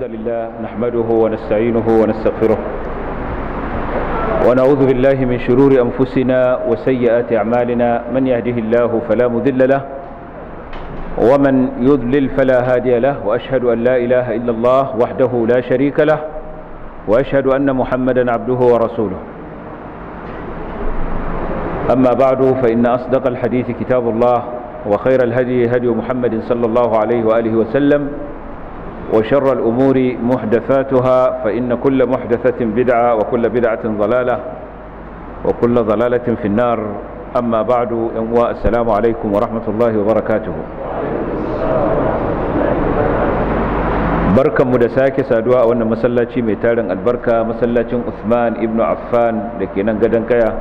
الحمد لله نحمده ونستعينه ونستغفره ونعوذ بالله من شرور أنفسنا وسيئات أعمالنا من يهده الله فلا مذل له ومن يذلل فلا هادي له وأشهد أن لا إله إلا الله وحده لا شريك له وأشهد أن محمدا عبده ورسوله أما بعد فإن أصدق الحديث كتاب الله وخير الهدي هدي محمد صلى الله عليه وآله وسلم وآله وسلم وشر الأمور محدثاتها فإن كل محدثة بدعة وكل بدعة ضلالة وكل ضلالة في النار أما بعد السلام عليكم ورحمة الله وبركاته barkan mu da sake saduwa a wannan masallaci mai tarin albarka masallacin Usman ibnu Affan da ke nan gadon kaya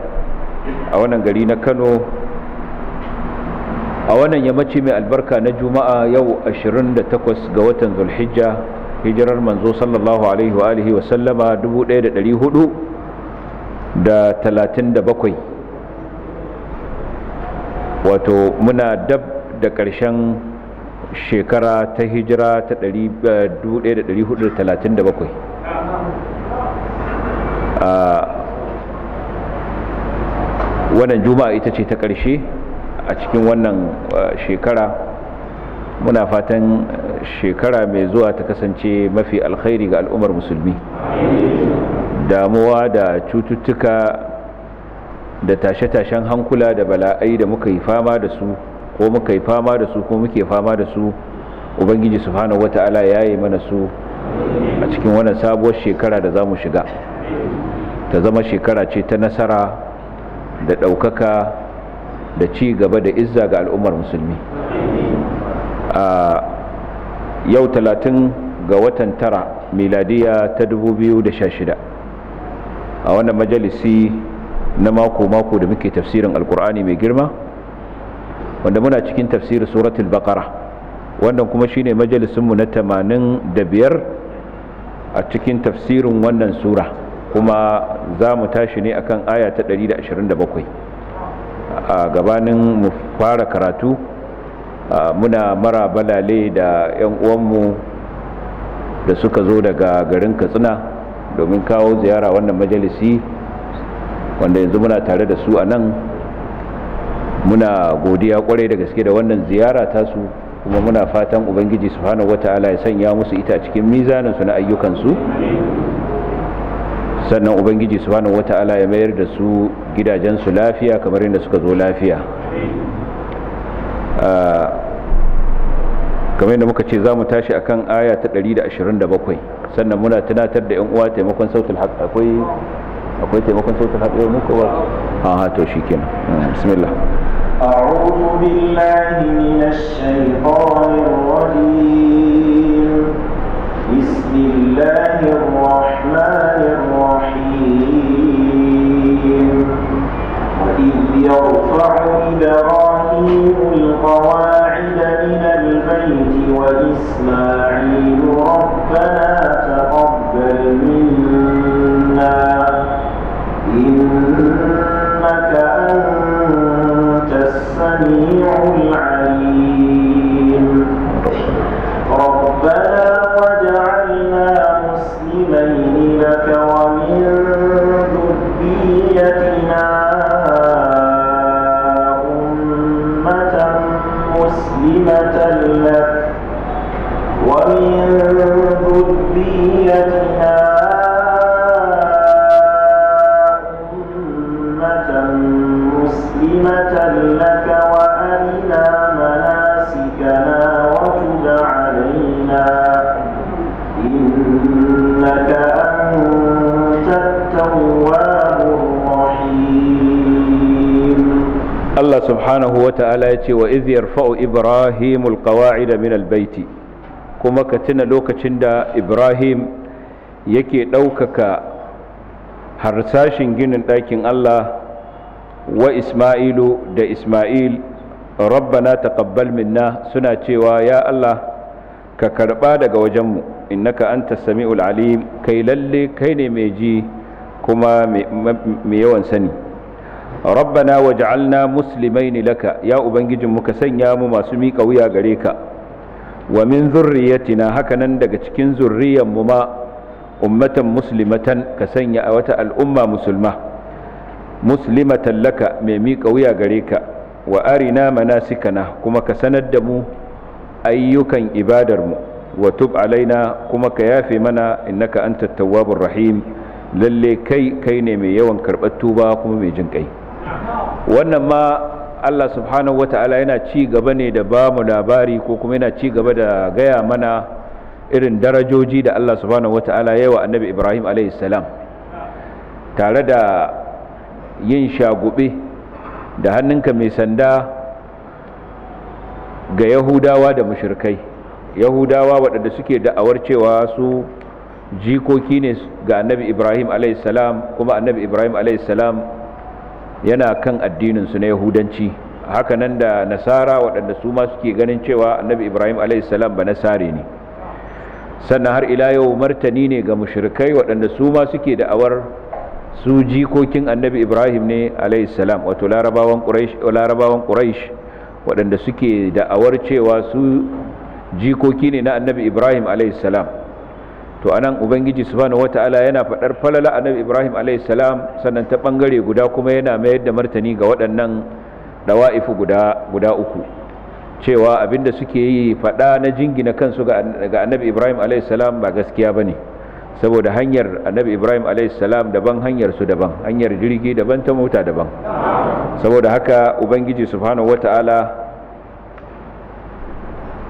a wannan gari na Kano a wannan yammaci mai albarka na juma'a yau 28 ga watan zulhijja hijirar manzo sallallahu alaihi wa alihi wa sallama 1437 wato muna dab da ƙarshen shekara ta hijira ta 1437 eh, ah, wannan juma'a ita ce ta ƙarshe a cikin wannan eh, shekara muna fatan shekara mai zuwa ta kasance mafi alkhairi ga al'ummar musulmi damuwa da cututtuka da tashe-tashen hankula da bala'ai da muka yi fama da su ko muka yi fama da su ko muke fama da su ubangiji hana wata'ala ya yi mana su a cikin wannan sabuwar shekara da za mu shiga ta zama shekara ce ta nasara da ɗaukaka da ci gaba da izza ga al'ummar musulmi a yau talatin ga watan tara miladiya ta 2016 a wannan majalisi na mako-mako da muke tafsirin alkur'ani mai girma wanda muna cikin tafsirin suratul baqara wannan kuma shine majalisinmu na tamanin da biyar a cikin tafsirin wannan sura kuma za mu tashi ne akan aya ta 127 a gabanin mu fara karatu muna mara balale da 'yan uwanmu da suka zo daga garin katsina domin kawo ziyara wannan majalisi wanda yanzu muna tare da su a nan muna godiya kwarai da gaske da wannan ziyara ta su, kuma muna fatan ubangiji subhanahu wata'ala ya sanya musu ita cikin mizaninsu na ayyukansu sannan ubangiji subhanahu wata'ala ya mayar da su gidajensu lafiya kamar yadda suka zo lafiya ah, kamar yadda muka ce za mu tashi akan aya ta 127 sannan muna tunatar da 'yan uwa taimakon sautul haƙ akwai akwai taimakon sautul haƙ yau muka ba ha to shi kenan hmm, bismillah أعوذ بالله من الشيطان الرجيم الله الرحمن يرفع إبراهيم Allah subhanahu wa ta'ala ya ce wa iz yarfa'u ibrahimul qawa'ida min baiti kuma ka tuna lokacin da ibrahim yake ɗaukaka harsashin ginin ɗakin Allah wa isma'ilu da isma'il rabbana taqabbal minna suna cewa ya Allah ka karɓa daga wajenmu innaka anta sami'ul alim kai lalle kai ne mai ji kuma mai yawan sani rabbana waj'alna ni laka ya ubangijin ka sanya mu masu miƙa wuya gare ka wa min zurriyatina hakanan daga cikin zurriyan mu ma ummatan muslimatan ka sanya a wata al'umma musulma muslimatan laka mai miƙa wuya gare ka wa arina manasikana kuma ka sanar da mu ayyukan ibadarmu mu wa tub alaina kuma ka yafe mana innaka antat tawwabur rahim lalle kai kai ne mai yawan karɓar tuba kuma mai jin wannan ma Allah subhanahu ta'ala yana ci gaba ne da ba mu labari ko kuma yana ci gaba da gaya mana irin darajoji da Allah subhanahu wa ya wa annabi Ibrahim salam tare da yin shagube da hannunka mai sanda ga Yahudawa da mushrikai Yahudawa waɗanda suke da'awar cewa su jikoki ne ga annabi Ibrahim salam kuma annabi Ibrahim salam yana kan addininsu na yahudanci nan da nasara waɗanda su ma suke ganin cewa annabi ibrahim alaihissalam ba nasare ne sannan har ila yau martani ne ga mushrikai waɗanda su ma suke da'awar su jikokin annabi ibrahim ne alaihissalam wato larabawan quraish waɗanda suke da'awar cewa su jikoki ne na annabi ibrahim alaihissalam to anan ubangiji subhanahu wataala yana faɗar falala annabi ibrahim alayhi salam sannan ta bangare guda kuma yana mayar da martani ga waɗannan dawa'ifu guda guda uku cewa abinda suke yi faɗa na jingina kansu ga annabi ibrahim alayhi salam ba gaskiya bane saboda hanyar annabi ibrahim salam daban hanyar su daban hanyar jirgi daban ta mota daban saboda haka ubangiji subhanahu wataala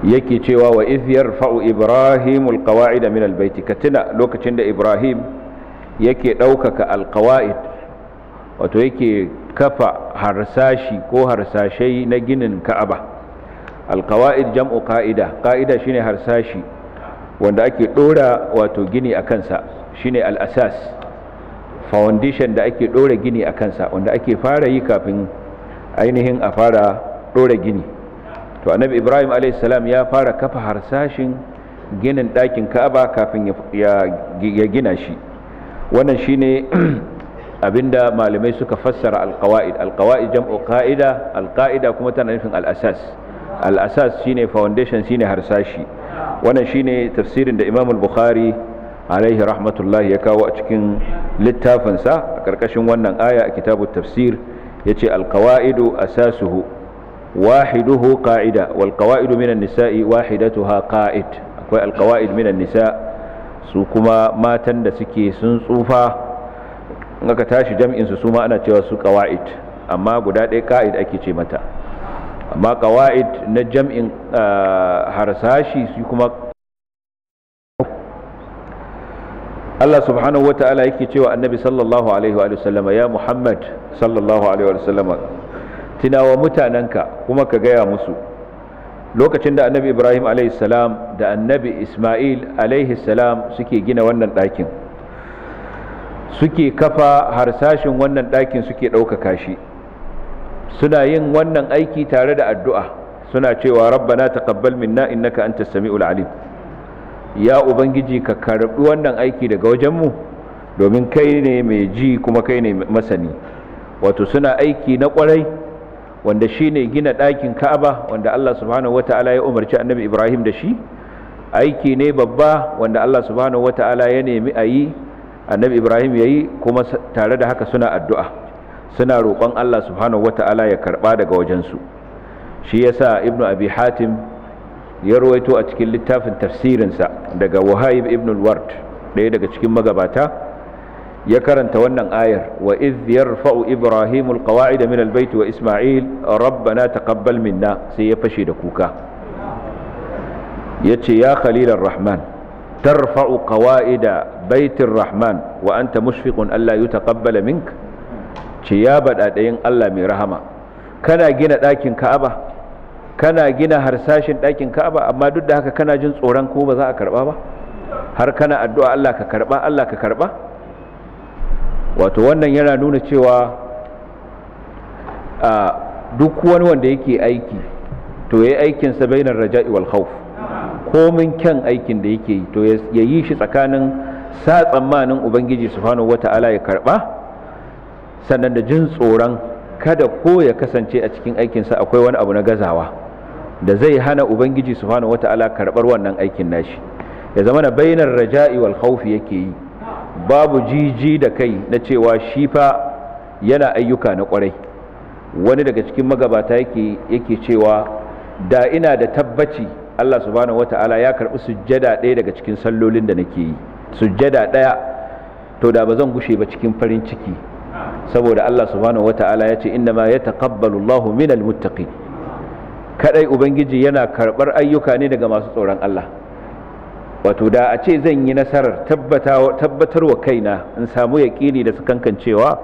yake cewa wa fa'u yarfa'u ibrahim alqawa'id min albaiti ka tuna lokacin da ibrahim yake ɗaukaka alkawa'id wato yake kafa harsashi ko harsashai na ginin ka'aba alkawa'id jam'u qa'ida qa'ida shine harsashi wanda ake ɗora wato gini a kansa shine al'asas, asas foundation da ake ɗora gini a kansa wanda ake fara yi kafin ainihin a fara ɗora gini to annabi ibrahim alaihissalam ya fara kafa harsashin ginin dakin ka'aba kafin ya gina shi wannan shine abinda malamai suka fassara alkawa'id alkawa'id jam'u ka'ida alka'ida kuma tana nufin al'asas al'asas shine foundation shine harsashi wannan shine tafsirin da imamul bukhari alaihi rahmatullah ya kawo a cikin littafinsa a karkashin wannan aya a kitabu tafsir ya ce alkawa'idu asasuhu واحده قاعدة والقواعد من النساء واحدتها قائد akwai alkawa'id minan nisa su kuma matan da suke sun tsufa aka tashi jam'insu su ma ana cewa su kawa'id amma guda ɗaya ka'id ake ce mata amma kawa'id na jam'in harsashi su kuma Allah subhanahu wa ta'ala yake cewa annabi sallallahu alaihi wa ya Muhammad sallallahu alaihi wa tunawa mutanenka kuma ka gaya musu lokacin da annabi ibrahim alaihissalam da annabi ismail alaihissalam suke gina wannan ɗakin suke kafa harsashin wannan ɗakin suke ɗaukaka shi suna yin wannan aiki tare da addu'a suna cewa rabbana taqabbal minna innaka antas sami'ul alim ya ubangiji ka karɓi wannan aiki daga wajenmu domin kai ne mai ji kuma kai ne masani wato suna aiki na kwarai. wanda shi ne gina ɗakin ka'aba wanda Allah subhanahu ta'ala ya umarci annabi ibrahim da shi aiki ne babba wanda Allah subhanahu ta'ala ya nemi a yi annabi ibrahim ya yi kuma tare da haka suna addu'a suna roƙon Allah subhanahu ta'ala ya karɓa daga wajensu shi yasa ibnu abi hatim ya rawaito a cikin littafin tafsirinsa daga wahayib ibn al-ward ɗaya daga cikin magabata ya karanta wannan ayar wa iz yarfa'u ibrahimul qawa'ida min albayt wa isma'il rabbana taqabbal minna sai ya fashe da kuka yace ya khalilar rahman tarfa'u qawa'ida baitir rahman wa anta mushfiqun alla yutaqabbala mink ce ya badadayin Allah mai rahama kana gina ɗakin ka'aba kana gina harsashin ɗakin ka'aba amma duk da haka kana jin tsoron ko ba za a karɓa ba har kana addu'a Allah ka karɓa Allah ka karɓa wato wannan yana nuna cewa a duk wani wanda yake aiki to ya yi aikinsa bainar raja'i wal khawf komin kyan aikin da yake yi to ya yi shi tsakanin sa tsammanin ubangiji subhanahu wata'ala ya karba sannan da jin tsoron kada ko ya kasance a cikin aikinsa akwai wani abu na gazawa da zai hana ubangiji subhanahu wata'ala karbar wannan aikin nashi ya zama na bainar raja'i wal khawfi yake yi babu jiji da kai na cewa shi fa yana ayyuka na kwarai wani daga cikin magabata yake cewa da ina da tabbaci Allah subhanahu wata'ala ya karɓi sujjada ɗaya daga cikin sallolin da nake yi sujjada ɗaya to da ba zan gushe ba cikin farin ciki saboda Allah subhanahu wata'ala ya ce inna ma yataqabbalu Allahu minal muttaqin kadai ubangiji yana karɓar ayyuka ne daga masu tsoron Allah wato da a ce zan yi nasarar tabbatar wa kaina in samu yaƙini da su kankan cewa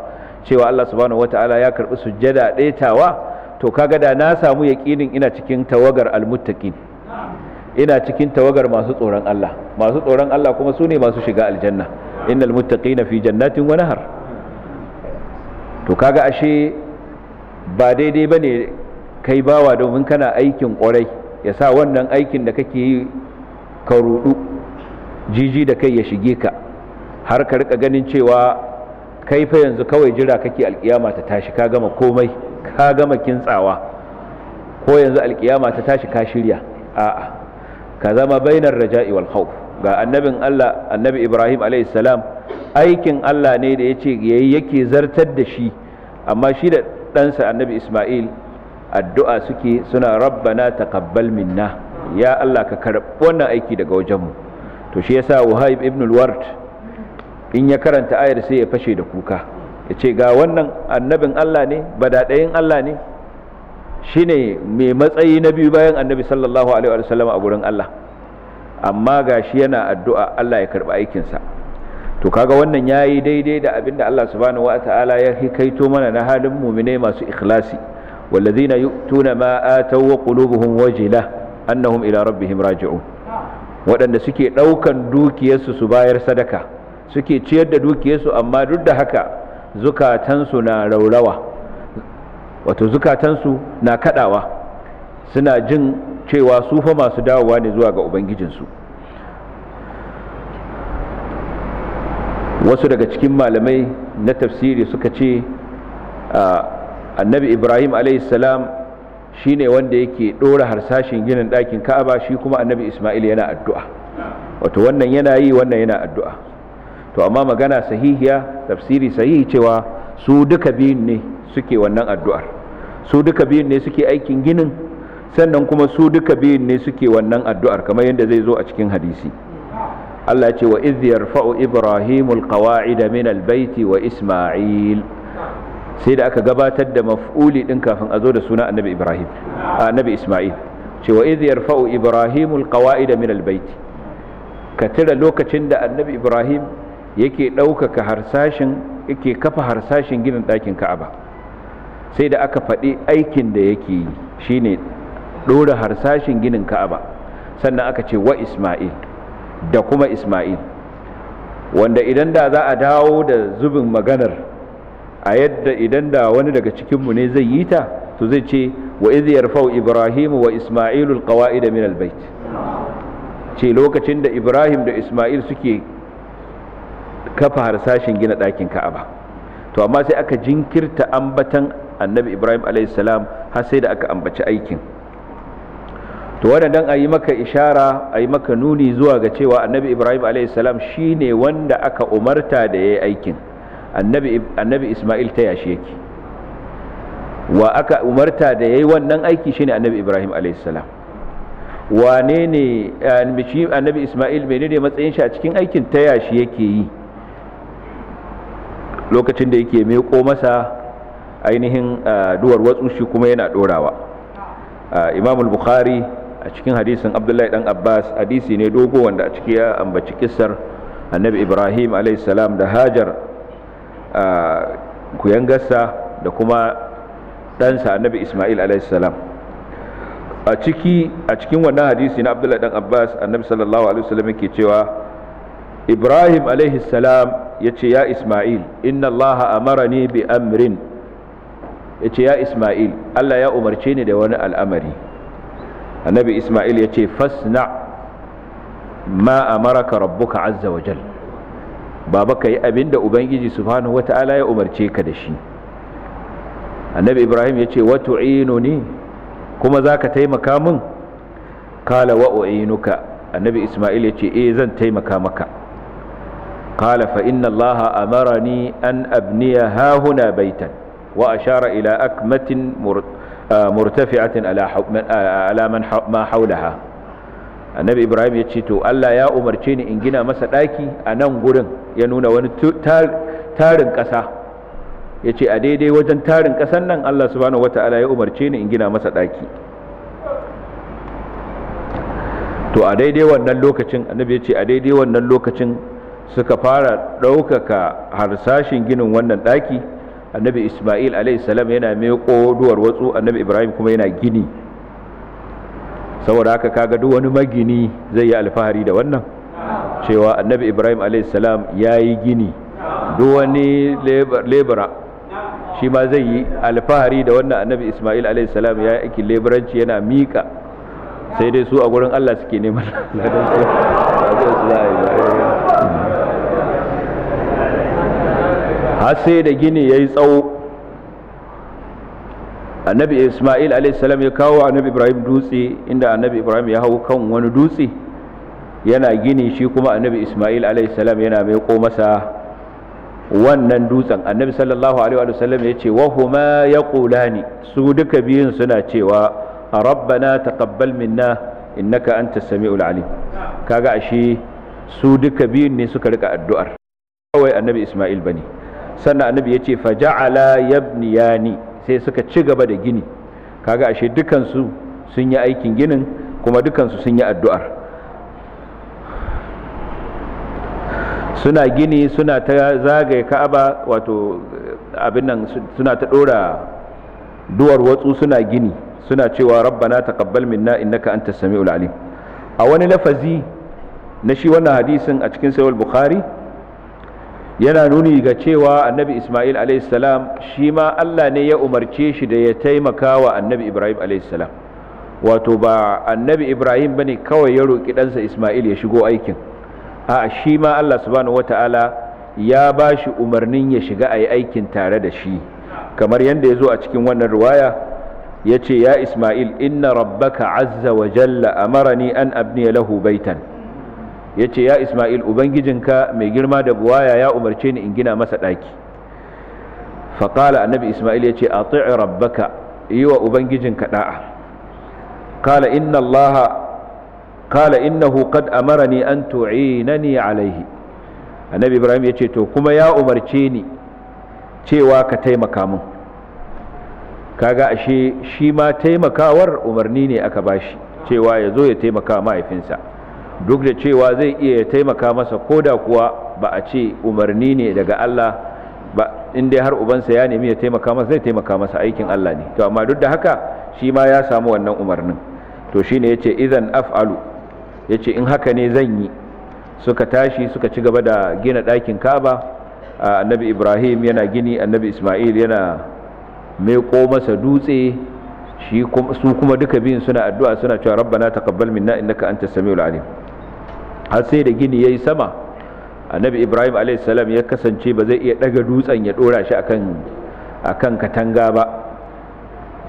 Allah subhanahu wata'ala ya karɓi sujjada ɗetawa to kaga da na samu yaƙinin ina cikin tawagar almuttaqin ina cikin tawagar masu tsoron Allah masu tsoron Allah kuma su ne masu shiga aljanna innal muttaqina fi jannatin wa nahar to kaga ashe ba daidai bane kai bawa domin kana aikin ƙwarai ya sa wannan aikin da kake yi ka ruɗu jiji da kai ya shige ka har ka rika ganin cewa kai fa yanzu kawai jira kake alkiyama ta tashi ka gama komai ka gama kintsawa ko yanzu alkiyama ta tashi ka shirya a'a ka zama bainar raja'i wal khawf ga annabin Allah annabi Ibrahim alayhi salam aikin Allah ne da yace yayi yake zartar da shi amma shi da ɗansa annabi Isma'il addu'a suke suna rabbana taqabbal minna ya Allah ka karɓi wannan aiki daga wajenmu to shi yasa wahayib ibn al-ward in ya karanta ayar sai ya fashe da kuka ya ce ga wannan annabin Allah ne badadayin Allah ne shine mai matsayi na biyu bayan annabi sallallahu alaihi wa sallam a gurin Allah amma ga shi yana addu'a Allah ya karɓi aikinsa to kaga wannan ya yi daidai da abinda Allah subhanahu wa ta'ala ya hikaito mana na halin muminai masu ikhlasi wallazina yu'tuna ma ataw wa qulubuhum wajilah annahum ila rabbihim raji'un waɗanda suke ɗaukan dukiyarsu su bayar sadaka suke ciyar da dukiyarsu amma duk da haka zukatansu na raurawa wato zukatansu na kaɗawa suna jin cewa su fa masu dawowa ne zuwa ga ubangijinsu wasu daga cikin malamai na tafsiri suka ce annabi ibrahim salam Shi ne wanda yake ɗora harsashin ginin ɗakin ka'aba shi kuma annabi isma'il yana addu'a wato wannan yana yi wannan yana addu'a to amma magana sahihiya tafsiri sahihi cewa su duka biyun ne suke wannan addu'ar su duka biyun ne suke aikin ginin sannan kuma su duka biyun ne suke wannan addu'ar kamar yadda zai zo a cikin hadisi Allah ce wa iz yarfa'u ibrahimul qawa'ida min baiti wa isma'il sai da aka gabatar da maf'uli din kafin a zo da suna annabi ibrahim annabi isma'il cewa idh yarfa'u ibrahimul qawa'ida min albayt ka tira lokacin da annabi ibrahim yake ɗaukaka harsashin yake kafa harsashin ginin ɗakin ka'aba sai da aka faɗi aikin da yake yi shine ɗora harsashin ginin ka'aba sannan aka ce wa isma'il da kuma isma'il wanda idan da za a dawo da zubin maganar a yadda idan da wani daga cikinmu ne zai yi ta to zai ce wa iz yarfau ibrahim wa isma'ilu alqawaid min albayt ce lokacin da ibrahim da isma'il suke kafa harsashin gina ɗakin ka'aba to amma sai aka jinkirta ambatan annabi ibrahim alayhi salam har sai da aka ambaci aikin to wannan a yi maka ishara a yi maka nuni zuwa ga cewa annabi ibrahim alayhi salam shine wanda aka umarta da ya aikin annabi isma'il ta yashi yake wa aka umarta da yayi wannan aiki shine annabi ibrahim alaihissalam wane ne annabi isma'il menene matsayin shi a cikin aikin ta yashi yake yi lokacin da yake meko masa ainihin duwar watsu shi kuma yana dorawa imam bukhari a cikin hadisin abdullahi dan abbas hadisi ne dogo wanda a ciki ya ambaci kissar annabi ibrahim salam da hajar kuyangarsa da kuma ɗansa annabi ismail alaihissalam a ciki a cikin wannan hadisi na abdullahi dan abbas annabi sallallahu alaihi wasallam yake cewa ibrahim salam ya ce ya ismail inna allaha amarani bi amrin ya ce ya ismail allah ya umarce ni da wani al'amari annabi ismail ya ce fasna ma a amaraka rabbuka azza wa jalla baba ka yi abin da ubangiji subhanahu wata'ala ya umarce ka da shi annabi ibrahim ya ce wato ne kuma za ka taimaka min kala wa'o'inuka annabi ismail ya ce eh zan taimaka maka kala fa inna allaha amarani an abniya hahuna baitan wa shara ila akmatin ah, murtafi'atin ala man ma haulaha annabi ibrahim ya ce to allah ya umarce ni in gina masa ɗaki a nan gurin ya nuna wani tarin ƙasa ya ce a daidai wajen tarin ƙasan nan allah subhanahu ta'ala ya umarce ni in gina masa ɗaki to a daidai wannan lokacin annabi ya ce a daidai wannan lokacin suka fara ɗaukaka harsashin ginin wannan ɗaki annabi ismail salam yana mai duwar watsu annabi ibrahim kuma yana gini saboda haka kaga duk wani magini zai yi alfahari da wannan cewa annabi ibrahim a.s. ya yi gini duk wani lebura shi ma zai yi alfahari da wannan annabi ismail a.s. ya yi aikin leburanci yana miƙa sai dai su a gurin allah suke neman har sai da gini ya yi tsawo annabi isma'il alaihissalam ya kawo annabi ibrahim dutse inda annabi ibrahim ya hau kan wani dutse yana gini shi kuma annabi isma'il alaihissalam yana mai maiko masa wannan dutsen annabi sallallahu alaihi sallam ya ce wahuma ya kulani su duka biyun suna cewa rabbana taqabbal minna innaka anta samiul alim kaga ashe su duka biyun ne suka rika addu'ar kawai annabi isma'il bane sannan annabi ya ce faja'ala yabniyani sai suka ci gaba da gini kaga ashe dukansu sun yi aikin ginin kuma dukansu sun yi addu'ar suna gini suna ta zagaye ka'aba wato abin nan suna ta ɗora duwar watsu suna gini suna cewa rabbana taqabbal minna innaka antas samiul alim a wani lafazi na shi wannan hadisin a cikin sahih bukhari yana nuni ga cewa annabi isma'il alaihissalam shi ma allah ne ya umarce shi da ya taimaka wa annabi ibrahim alaihissalam wato ba annabi ibrahim ba ne kawai ya roƙi ɗansa isma'il ya shigo aikin a shi ma allah subhanahu wata'ala ya ba shi umarnin ya shiga a yi aikin tare da shi kamar yadda ya zo a cikin wannan ruwaya ya ce ya isma'il inna rabbaka azza wa jalla amarani an abniya lahu baitan ya ce ya isma'il ubangijinka mai girma da buwaya ya umarce ni in gina masa ɗaki faƙala annabi isma'il ya ce a ta'i rabbaka yi wa ubangijinka ɗa'a kala inna allaha kala innahu qad amarani an tu'inani alaihi annabi ibrahim ya ce to kuma ya umarce ni cewa ka taimaka mun kaga ashe shi ma taimakawar umarni ne aka bashi cewa yazo ya taimaka mahaifinsa duk da cewa zai iya taimaka masa ko da kuwa ba a ce umarni ne daga Allah ba inda har ubansa ya nemi ya taimaka masa zai taimaka masa aikin Allah ne to amma duk da haka shi ma ya samu wannan umarnin to shine yace idan af'alu yace in haka ne zan yi suka tashi suka ci gaba da gina ɗakin Ka'aba annabi Ibrahim yana gini annabi Isma'il yana ko masa dutse su kuma duka biyun suna addu'a suna cewa rabbana taqabbal minna innaka antas samiul alim har sai da gini ya yi sama annabi ibrahim a.s. ya kasance ba zai iya daga dutsen ya dora shi a kan katanga ba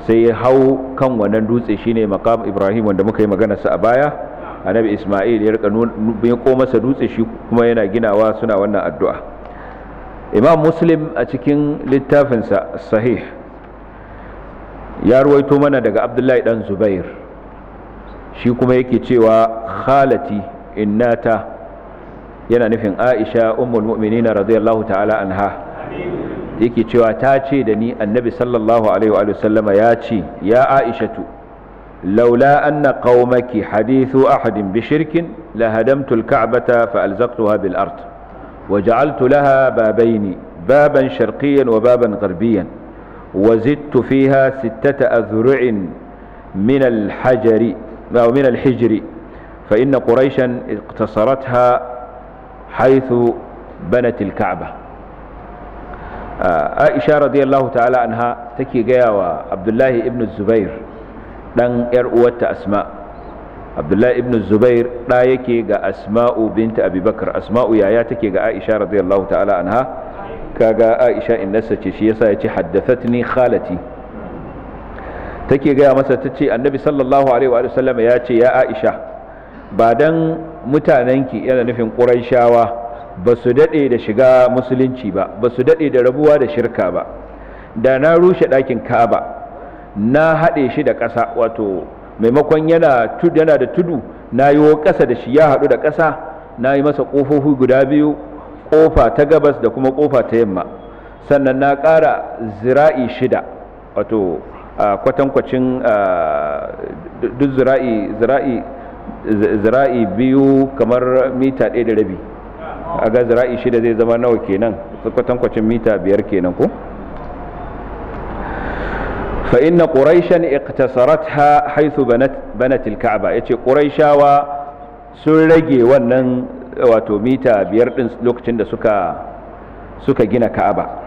sai ya hau kan wannan dutse shine ibrahim wanda muka yi magana sa a baya annabi isma'il ya rika ko masa dutse shi kuma yana ginawa suna wannan addu'a imam muslim a cikin littafinsa sahih ya ruwaito mana daga abdullahi dan zubair shi kuma yake cewa khalati innata yana nufin aisha ummul mu'minina radiyallahu ta'ala anha yake cewa ta ce da ni annabi sallallahu alaihi wa sallama ya ce ya aishatu laula anna qaumaki hadithu ahadin bi shirkin la hadamtu al-ka'bata fa alzaqtuha bil ard wa ja'altu laha babaini baban sharqiyan wa baban gharbiyan wa zidtu fiha sittata azru'in min al-hajari min al-hijri فإن قريشا اقتصرتها حيث بنت الكعبة عائشة رضي الله تعالى عنها تكي جاوى عبد الله ابن الزبير دان يرؤوت أسماء عبد الله ابن الزبير لا يكي جا أسماء بنت أبي بكر أسماء يا يا تكي جا عائشة رضي الله تعالى عنها كجا عائشة إن نسيت شيء حدثتني خالتي take gaya masa ta ce annabi sallallahu alaihi wa sallam ya ce ya aisha ba dan mutanenki yana nufin ƙuraishawa ba su daɗe da shiga musulunci ba ba su daɗe da rabuwa da shirka ba da na rushe ɗakin kaba na haɗe shi da ƙasa wato maimakon yana da tudu na yi ƙasa da shi ya haɗu da ƙasa na yi masa ƙofofi guda biyu ƙofa ta gabas da kuma ƙofa ta yamma sannan na ƙara zira'i shida wato kwatankwacin duk zira'i zira'i biyu kamar mita ɗaya da rabi a ga zira'i shida zai zama nawa kenan kwatankwacin mita biyar kenan ku. fa inna iktasarat ha haisu banatil ka'aba Ya ce quraishawa sun rage wannan wato mita biyar ɗin lokacin da suka gina ka'aba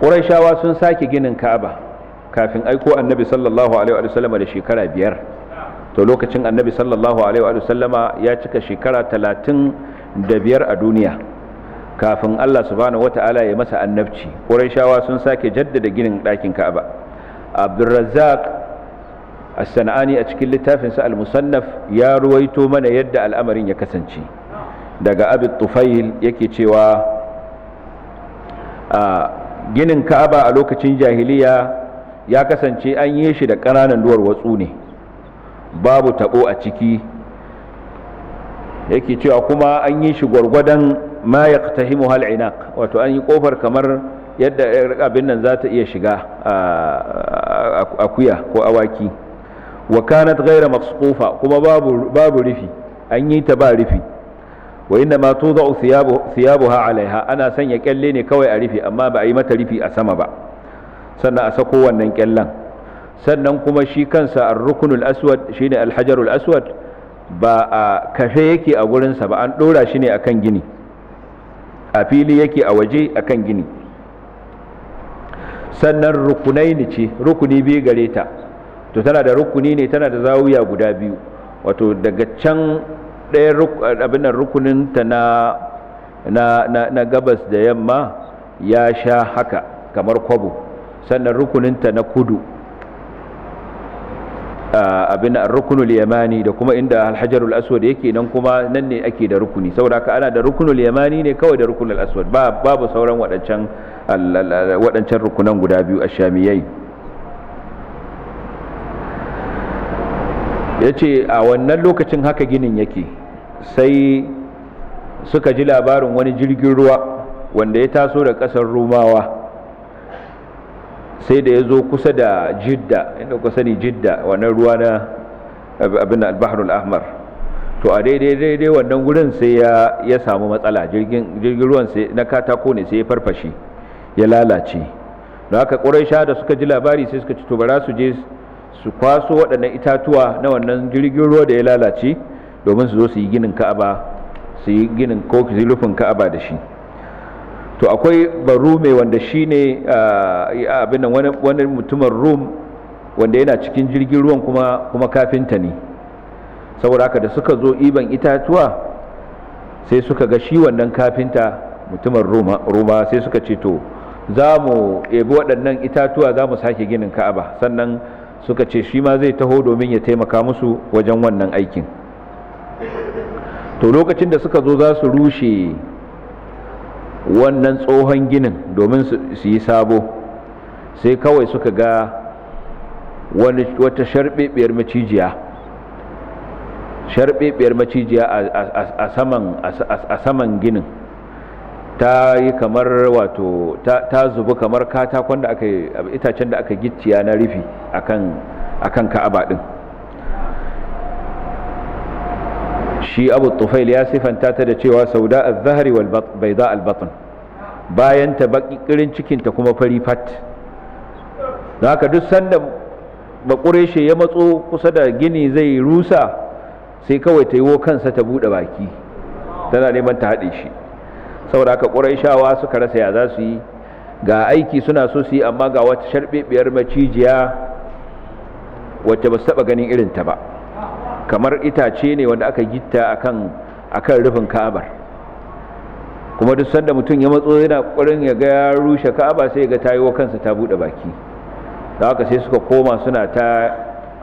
ƙuraishawa sun sake ginin ka'aba kafin aiko annabi sallallahu alaihi wa sallama da shekara biyar to lokacin annabi sallallahu alaihi wa sallama ya cika shekara talatin da biyar a duniya kafin Allah subhanahu wata'ala ya masa annabci shawa sun sake jaddada ginin ɗakin ka'aba abdulrazzak as-sana'ani a cikin littafinsa al-musannaf ya ruwaito mana yadda al'amarin ya kasance daga abi tufail yake cewa ginin ka'aba a lokacin jahiliya ya kasance an yi shi da ƙananan duwar watsu ne babu tabo a ciki yake cewa kuma an yi shi gwargwadon ma ya tahimu hal'inak wato an yi kofar kamar yadda abin nan za ta iya shiga akuya ko awaki wa kanat ghaira maqsufa kuma babu rufi an yi ta ba rufi wa inna ma siyabu ha alaiha ana sanya kyalle ne kawai a rufi amma ba a yi mata rufi a sama ba sannan a sako wannan kyallen sannan kuma shi kansa ar-rukunul aswad shine al-hajarul aswad ba a kafe yake a gurinsa ba an ɗora shi ne akan gini a fili yake a waje akan gini sannan rukunai ne ce rukuni biyu gareta to tana da rukuni ne tana da zawiya guda biyu wato daga can ɗaya abin nan rukunin na na, na, na gabas da yamma ya sha haka kamar kwabo sannan rukunin ta na kudu abin da rukunul yamani da kuma inda alhajarul aswad yake nan kuma nan ne ake da rukuni saboda haka ana da rukunul yamani ne kawai da rukunul aswad babu sauran waɗancan waɗancan rukunan guda biyu shamiyai. ya ce a wannan lokacin haka ginin yake sai suka ji labarin wani jirgin ruwa wanda ya taso da ƙasar rumawa sai da ya zo kusa da jidda inda ku sani jidda wannan ruwa na abin al ahmar to a daidai daidai wannan gurin sai ya samu matsala jirgin ruwan na katako ne sai ya farfashe ya lalace da haka ƙuraisha da suka ji labari sai suka ci to bara su je su kwaso waɗannan itatuwa na wannan jirgin ruwa da ya lalace domin su zo su yi ginin ka'aba su yi ginin ko su yi rufin ka'aba da shi to akwai barume wanda shine abin nan wani mutumin rum wanda yana cikin jirgin ruwan kuma kuma kafinta ne saboda haka da suka zo iban itatuwa sai suka ga shi wannan kafinta mutumin ruma sai suka ce to za mu ebi waɗannan itatuwa za mu sake ginin ka'aba sannan suka ce shi ma zai taho domin ya taimaka musu wajen wannan aikin to lokacin da suka zo za su rushe wannan tsohon ginin domin su yi sabo sai kawai suka ga wata sharɓeɓiyar macijiya sharɓeɓiyar macijiya a saman ginin ta yi kamar wato ta zubi kamar katakon da aka itacen da aka gicciya na rufi akan ka'aba ɗin shi abu tufail ya sifanta ta da cewa sauda a zahari bai za al bayan ta bakirin cikin ta kuma fari fat haka duk sanda bakure shi ya matso kusa da gini zai rusa sai kawai ta yi wo kansa ta buɗe baki tana neman ta haɗe shi saboda haka shawa suka rasa ya za su yi ga aiki suna so su yi amma ga wata biyar macijiya wacce ba su taɓa ganin irinta ba kamar itace ne wanda aka gitta akan akan rufin ka'abar kuma duk sanda mutum ya matso yana ƙoƙarin ya ga ya rushe ka'aba sai ya ga wa kansa ta buɗe baki da haka sai suka koma suna ta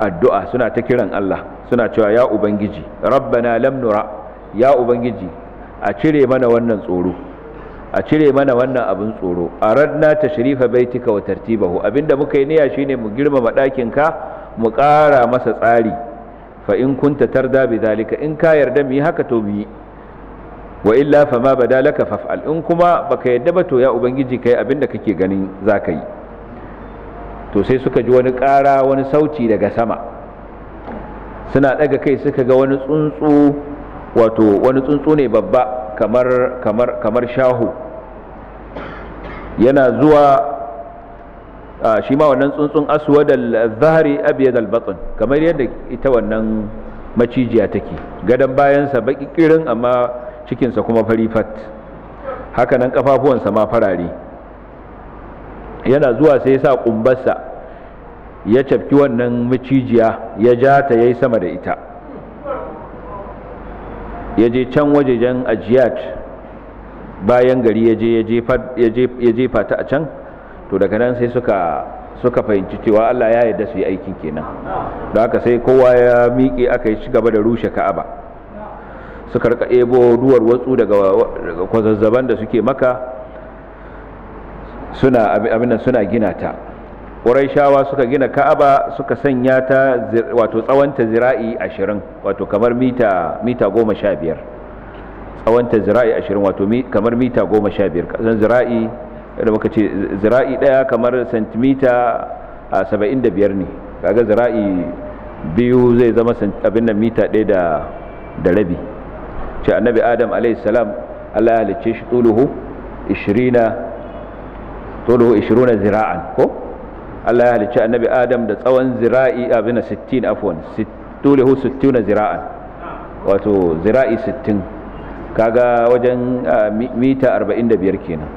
addu'a suna ta kiran Allah suna cewa ya ubangiji rabbana lam nura ya ubangiji a cire mana wannan tsoro a cire mana wannan abin tsoro a radna ta sharifa baitika wa tartibahu abinda muka yi niyya shine mu girmama ka mu ƙara masa tsari fa in kunta tarda bi zalika in ka yarda mu haka to mu yi wa illa fa ma bada laka al. in kuma baka yarda ba to ya ubangiji kai abin da kake ganin zaka yi to sai suka ji wani ƙara wani sauti daga sama suna daga kai suka ga wani tsuntsu wato wani tsuntsu ne babba kamar kamar kamar shahu yana zuwa Ah, shi ma wannan tsuntsun aswad al-zahri abyad al kamar yadda ita wannan macijiya take gadan bayansa baki kirin amma cikinsa kuma fari fat haka nan kafafuwansa ma farare yana zuwa sai ya sa kumbarsa ya cafki wannan macijiya ya ja ta yayi sama da ita ya je can wajejen ajiyat bayan gari ya je ya jefa ta a can to daga nan sai suka suka fahimci cewa Allah ya yarda su yi aikin kenan don haka sai kowa ya miƙe aka yi ci gaba da rushe ka'aba suka rika ebo duwar watsu daga kwazazzaban da suke maka suna abin suna gina ta shawa suka gina ka'aba suka sanya ta wato tsawonta zira'i ashirin wato kamar mita mita goma sha biyar tsawonta zira'i ashirin wato kamar mita goma sha biyar zira'i da muka ce zira'i daya kamar santimita a saba'in da biyar ne kaga zira'i biyu zai zama abin da mita ɗaya da rabi ce annabi adam a.s. allah ya halice shi tsoluhu ishirina zira'an ko allah ya halice annabi adam da tsawon zira'i abin da sittin afon tsoluhu sittuna zira'an wato zira'i sittin kaga wajen mita arba'in da biyar kenan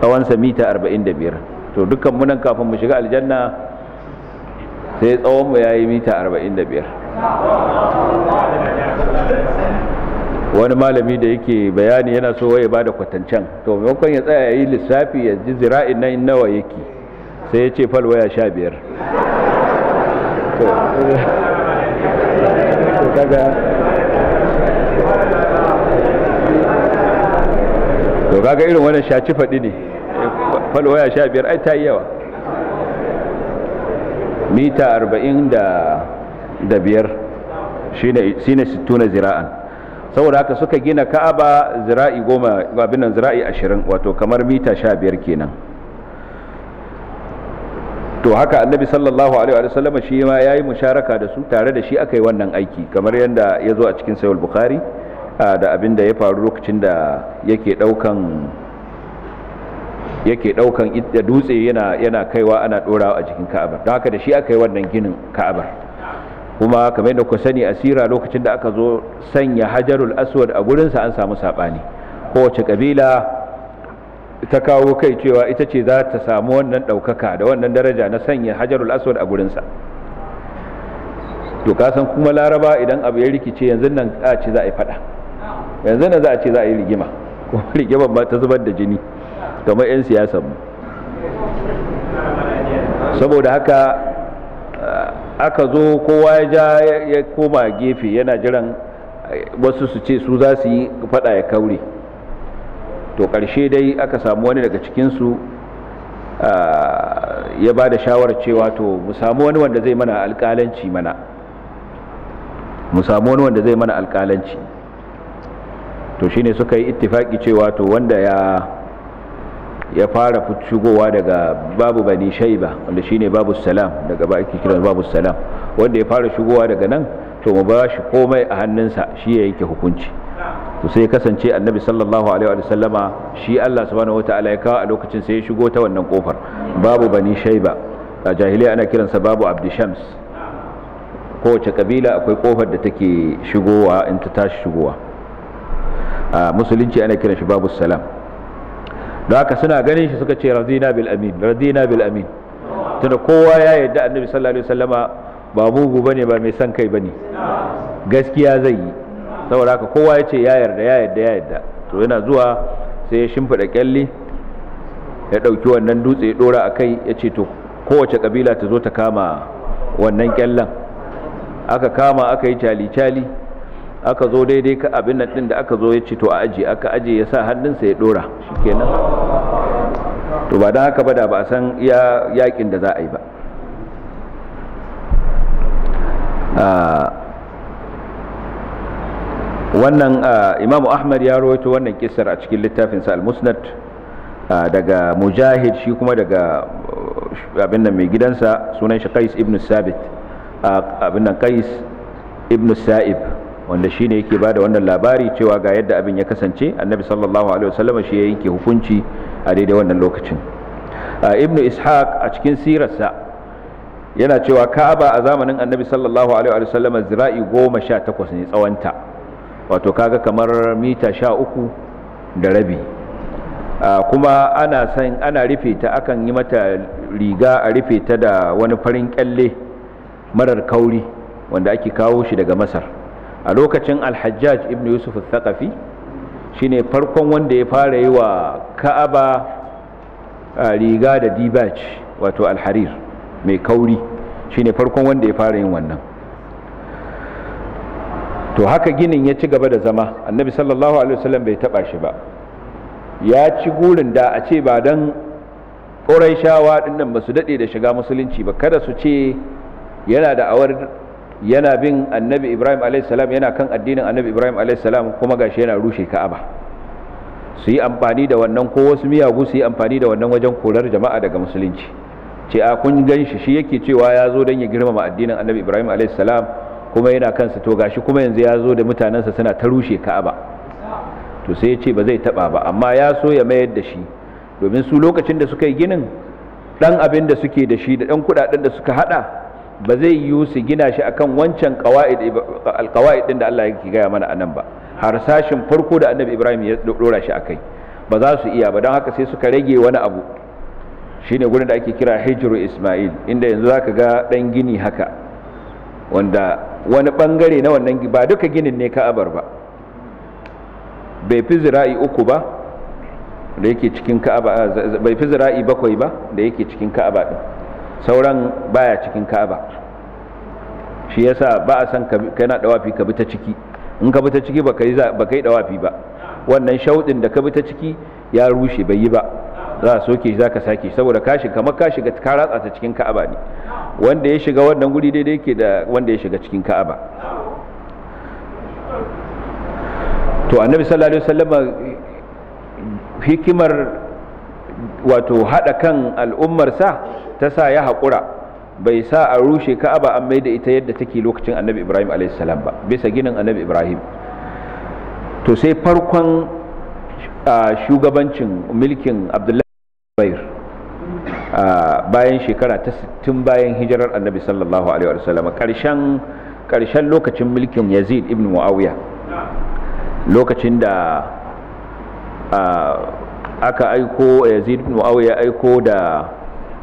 tsawonsa mita 45 to dukkan nan kafin mu shiga aljanna sai tsawon mu yayi mita 45 wani malami da yake bayani yana so ya bada kwatancan to maimakon ya tsaya yayi lissafi ya ji zira'in nan nawa yake sai ya ce falwaya biyar to eh, kaga to kaga irin wannan shaci faɗi ne falwaya sha biyar ai ta yi yawa mita arba'in da biyar shi ne sittuna zira'an saboda haka suka gina ka'aba zira'i goma abin nan zira'i ashirin wato kamar mita sha biyar kenan to haka annabi sallallahu alaihi wa sallama shi ma yayi musharaka da su tare da shi aka yi wannan aiki kamar yadda ya zo a cikin sayul bukhari da abin da ya faru lokacin da yake daukan yake daukan da dutse yana yana kaiwa ana dorawa a jikin ka'abar don haka da shi aka yi wannan ginin ka'abar kuma kamar yadda ku sani asira lokacin da aka zo sanya hajarul aswad a gurinsa an samu sabani kowace kabila ta kawo kai cewa ita ce za ta samu wannan daukaka da wannan daraja na sanya hajarul aswad a gurinsa to kasan kuma laraba idan abu ya rikice yanzu nan a ce za a yi fada yanzu na za a ce za a yi rigima kuma rigimar ba ta zubar da jini kamar 'yan siyasar mu saboda haka eh, aka zo kowa ya ja ya koma gefe yana jiran eh, wasu su ce su za su yi fada ya kauri to ƙarshe dai aka samu wani daga cikinsu eh, ya ba da shawarar cewa to mu samu wani wanda zai mana alƙalanci mana mu samu wani wanda zai mana alƙalanci to shine suka yi ittifaki cewa to wanda ya ya fara shigowa daga babu bani shaiba wanda shine babu salam daga ba ake kiran babu salam wanda ya fara shigowa daga nan to mu ba shi komai a hannunsa shi ya yanke hukunci to sai kasance annabi sallallahu alaihi wa sallama shi Allah subhanahu wataala ya kawo a lokacin sai ya shigo ta wannan kofar babu bani shaiba a jahiliya ana kiran sa babu Shams kowace kabila akwai kofar da take shigowa in ta tashi shigowa A musulunci ana kiran shi babu salam don haka suna ganin shi suka ce radina bil amin radina bil amin tunda kowa ya yarda annabi sallallahu alaihi wasallama ba mugu bane ba mai son kai bane gaskiya zai yi saboda haka kowa ya ce ya yarda ya yarda ya yarda to yana zuwa sai ya shimfiɗa kyalli ya ɗauki wannan dutse ya ɗora a kai ya ce to kowace kabila ta zo ta kama wannan kyallan aka kama aka yi cali-cali aka zo daidai ka abin nan din da aka zo ya ci to a aji aka aji ya sa hannunsa ya dora shikenan to ba don haka ba da ba a san ya yakin da za a yi ba ah, wannan ah, imamu ahmad ya rawaito wannan kisar a cikin littafinsa al-musnad ah, daga mujahid shi kuma daga abin nan mai gidansa sunan shi qais ibn sabit abin nan qais ibn sa'ib wanda shi ne yake bada wannan labari cewa ga yadda abin ya kasance annabi sallallahu alaihi wasallam shi ya yanke hukunci a daidai wannan lokacin ibnu ishaq a cikin sirarsa yana cewa ka'aba a zamanin annabi sallallahu alaihi wasallam zira'i goma sha takwas ne tsawonta wato kaga kamar mita sha uku da rabi kuma ana san ana rufe ta akan yi mata riga a rufe ta da wani farin kyalle marar kauri wanda ake kawo shi daga masar a lokacin alhajjaj ibn yusuf al-thaqafi shine farkon wanda ya fara yi wa ka'aba riga da dibaj wato alharir mai kauri shine farkon wanda ya fara yin wannan to haka ginin ya ci gaba da zama annabi sallallahu alaihi wasallam bai taba shi ba ya ci gurin da a ce ba dan ƙuraishawa shawa nan ba su daɗe da shiga musulunci ba kada su ce yana da awar yana bin annabi ibrahim alaihissalam yana kan addinin annabi ibrahim alaihissalam kuma gashi yana rushe ka'aba su yi amfani da wannan ko wasu miyagu su yi amfani da wannan wajen korar jama'a daga musulunci ce a kun gan shi shi yake cewa ya zo don ya girmama addinin annabi ibrahim alaihissalam kuma yana kansa to gashi kuma yanzu ya zo da mutanensa suna ta rushe ka'aba to sai ya ce ba zai taba ba amma ya so ya mayar da shi domin su lokacin da suka yi ginin dan abin da suke da shi da dan kudaden da suka hada ba zai yiwu su gina shi akan wancan alkawa'id din da Allah yake gaya mana anan ba harsashin farko da annabi ibrahim ya dora shi akai ba za su iya ba don haka sai suka rage wani abu shine gurin da ake kira hijiru ismail inda yanzu zaka ga ɗan gini haka wanda wani bangare na wannan ba duka ginin ne ka'abar ba bai fi zira'i uku ba da yake cikin ka'aba bai fi zira'i bakwai ba da yake cikin ka'aba din sauran baya cikin ka'aba shi yasa ba a san kana dawafi ka bi ta ciki in ka bi ta ciki baka yi baka yi dawafi ba wannan shaudin da ka bi ta ciki ya rushe bai yi ba za a soke shi zaka sake saboda ka shiga kamar ka shiga ka ratsa ta cikin ka'aba ne wanda ya shiga wannan guri daidai yake da wanda ya shiga cikin ka'aba to annabi sallallahu alaihi wasallam hikimar wato hada kan al'ummarsa ta sa ya haƙura bai sa a rushe ka'aba an mai da ita yadda take lokacin annabi ibrahim a.s. ba bisa ginin annabi ibrahim to sai farkon shugabancin mulkin abdullahi bayan shekara ta 60 bayan hijirar annabi sallallahu alaihi wasallam karshen lokacin milkin yazid ibn muawiya lokacin da aka aiko yazid ibn muawiya aiko da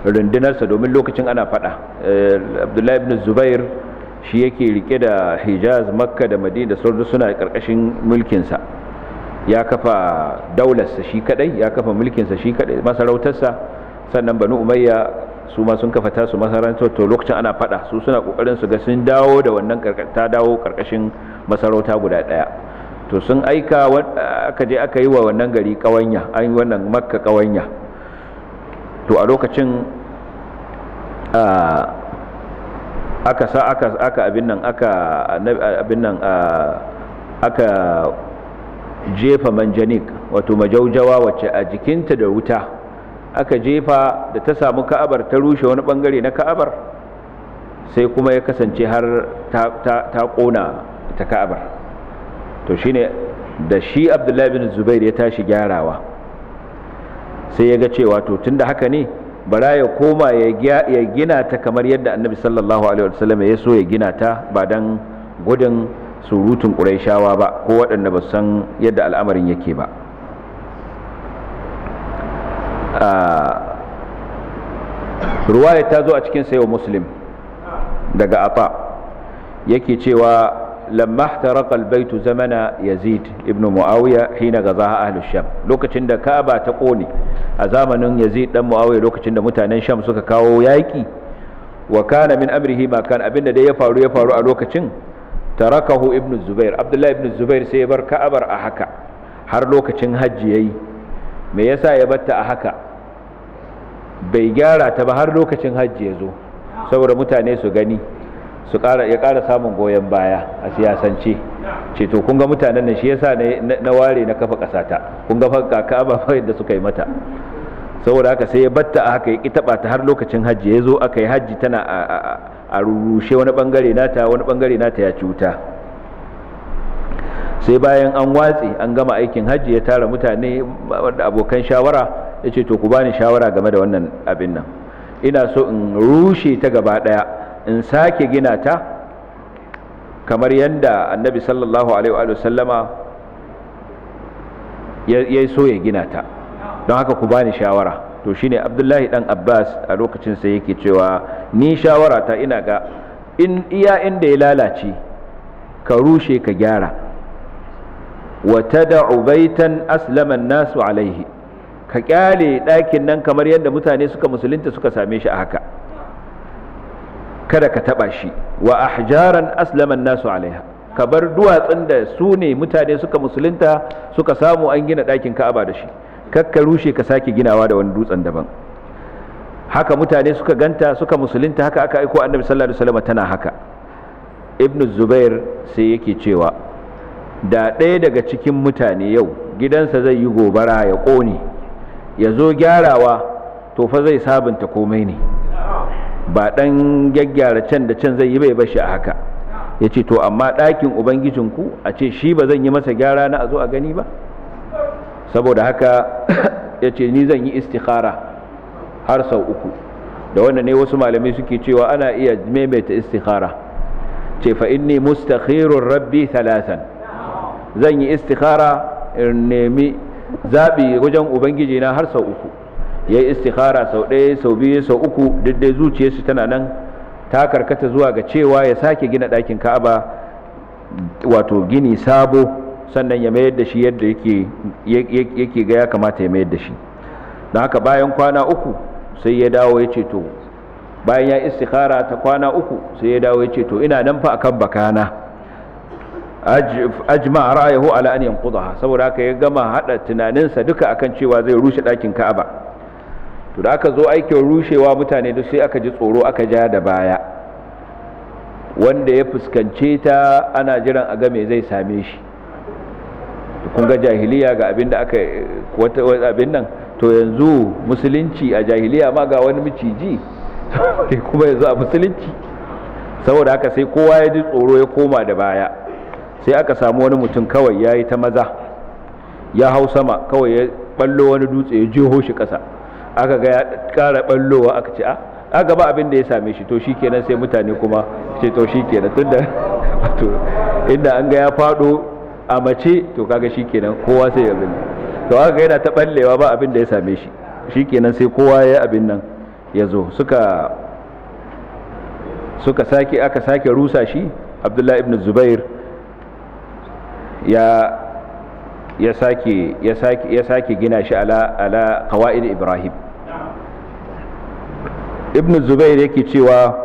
rundunarsa domin lokacin ana fada eh, abdullahi ibn zubair shi yake rike da hijaz makka da madina da sauransu suna karkashin mulkinsa ya kafa daularsa shi kadai ya kafa mulkinsa shi kadai masarautarsa sannan banu umayya su ma sun kafa tasu masarautar to lokacin ana fada su suna kokarin su ga sun dawo da wannan ta dawo karkashin masarauta guda daya to sun aika aka je aka yi wa wannan gari kawanya an yi wannan makka kawanya to a lokacin aka sa aka abin nan aka aka jefa manjanik wato majaujawa wacce a jikinta da wuta aka jefa da ta samu ka'abar ta rushe wani bangare na ka'abar sai kuma ya kasance har ta kona ta ka'abar to shine da shi abdullahi bin zubair ya tashi gyarawa sai ya ga cewa to tun da haka ne bara ya koma ya gina ta kamar yadda annabi sallallahu alaihi wasallam ya so ya gina ta ba dan gudun surutun ƙuraishawa ba ko waɗanda ba san yadda al'amarin yake ba ruwaya ta zo a cikin sayo muslim daga afa yake cewa lamma ihtaraqa albaytu zamana yazid ibnu muawiya hina gazaha ahli sham lokacin da ka'aba ta kone a zamanin yazid dan muawiya lokacin da mutanen sham suka kawo yaƙi wa kana min amrihi ma kan abinda dai ya faru ya faru a lokacin tarakahu ibnu zubair abdullahi ibnu zubair sai ya bar ka'abar a haka har lokacin hajji yayi me yasa ya batta a haka bai gyara ta ba har lokacin hajji ya zo saboda mutane su gani su ƙara ya ƙara samun goyon baya a siyasance ce to kun ga mutanen nan shi yasa na ware na kafa kasata kun ga fanka ka ba da suka yi mata saboda haka sai ya batta a haka ya ki ta har lokacin hajji ya zo aka yi hajji tana a rushe wani bangare nata wani bangare nata ya cuta sai bayan an watsi an gama aikin hajji ya tara mutane abokan shawara ya ce to ku bani shawara game da wannan abin nan ina so in rushe ta gaba daya in sake gina ta kamar yadda annabi sallallahu alaihi wa sallama ya so ya gina ta don haka ku bani shawara to shine abdullahi dan abbas a lokacin sa yake cewa ni shawara ta ina ga in iya inda ya lalace ka rushe ka gyara wata da ubaitan aslama nasu alaihi ka kyale ɗakin nan kamar yadda mutane suka musulunta suka same shi a haka kada ka taba shi wa ahjaran aslama nasu alaiha ka bar duwatsun da su ne mutane suka musulunta suka samu an gina ɗakin ka'aba da shi kakka rushe ka sake ginawa da wani dutsen daban haka mutane suka ganta suka musulunta haka aka aiko annabi sallallahu alaihi wasallam tana haka ibn zubair sai yake cewa da ɗaya daga cikin mutane yau gidansa zai yi gobara ya ƙone ya zo gyarawa to fa zai sabunta komai ne ba dan gyaggyara can da can zai yi bai bashi a haka ya ce to amma ɗakin ubangijinku a ce shi ba zan yi masa gyara na a zo a gani ba saboda haka ya ce ni zan yi istikhara har sau uku da wanda ne wasu malamai suke cewa ana iya maimaita istikhara ce fa inni mustakhirun rabbi talasan zan yi istikhara in nemi zaɓi wajen ubangijina har sau uku ya yi istikhara sau ɗaya sau biyu sau uku duk dai zuciyarsu tana nan ta karkata zuwa ga cewa ya sake gina ɗakin ka'aba wato gini sabo sannan ya mayar da shi yadda yake ga ya kamata ya mayar da shi don haka bayan kwana uku sai ya dawo ya ce to bayan ya istikhara ta kwana uku sai ya dawo ya ce to ina nan fa akan bakana ajma ra'ayahu ala an yanqudaha saboda haka ya gama hada tunaninsa duka akan cewa zai rushe ɗakin Ka'aba to da aka zo aikin rushewa mutane da sai aka ji tsoro aka ja da baya wanda ya fuskance ta ana jiran a ga me zai same shi kun ga jahiliya ga abin da aka wata abin nan to yanzu musulunci a jahiliya ma ga wani miciji sai kuma yanzu a musulunci saboda haka sai kowa ya ji tsoro ya koma da baya sai aka samu wani mutum kawai ya yi ta maza ya hau sama kawai ya ballo wani dutse ya jeho shi ƙasa aka ga ya ƙara ɓallowa aka ce ah, a aka ba abin da ya same shi to shikenan sai mutane kuma ce to shikenan tunda to inda an ga ya faɗo a mace to kaga shikenan kowa sai ya bin to aka ga yana ta ɓallewa ba abin da ya same shi shikenan sai kowa ya abin nan ya zo suka suka sake aka sake rusa shi abdullahi ibn zubair ya ya sake gina shi ala ala ibrahim ibnu zubair yake cewa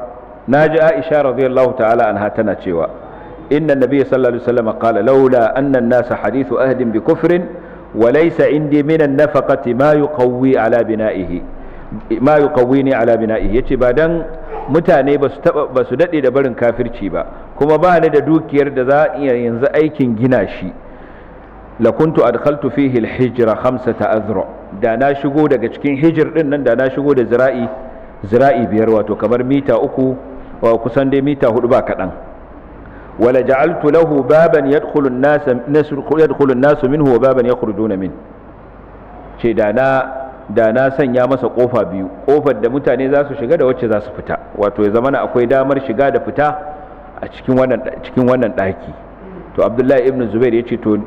na ji aisha radiyallahu ta'ala anha tana cewa inna nabiyya sallallahu alaihi wasallam laula annan nasa hadithu ahdin bi kufrin وليس عندي من النفقة ما يقوي على بنائه ما يقويني على بنائه yace ba dan mutane ba su taba ba su dade da barin kafirci ba kuma ba ni da dukiyar da za a iya yanzu aikin gina shi lakuntu adkhaltu fihi alhijra khamsata azra da na shigo daga cikin hijir din nan da na shigo da zira'i zira'i biyar wato kamar mita uku wa kusan dai mita hudu ba kaɗan wala ja'altu lahu baban yadkhulu an-nas yadkhulu an-nas minhu wa baban yakhrujuna min ce da na da na sanya masa kofa biyu kofar da mutane za su shiga da wacce za su fita wato ya zamana akwai damar shiga da fita a cikin wannan cikin wannan daki to abdullahi ibn zubair ya ce to